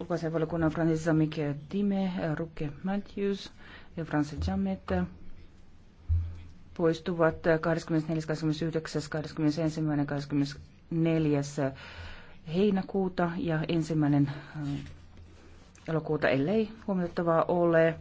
ulkoasianvaliokunnan Francis Zamike Time, Rukke Matthews ja Francis Jammet poistuvat 24., 29., 21., 24. heinäkuuta ja ensimmäinen äh, elokuuta, ellei huomioittavaa ole.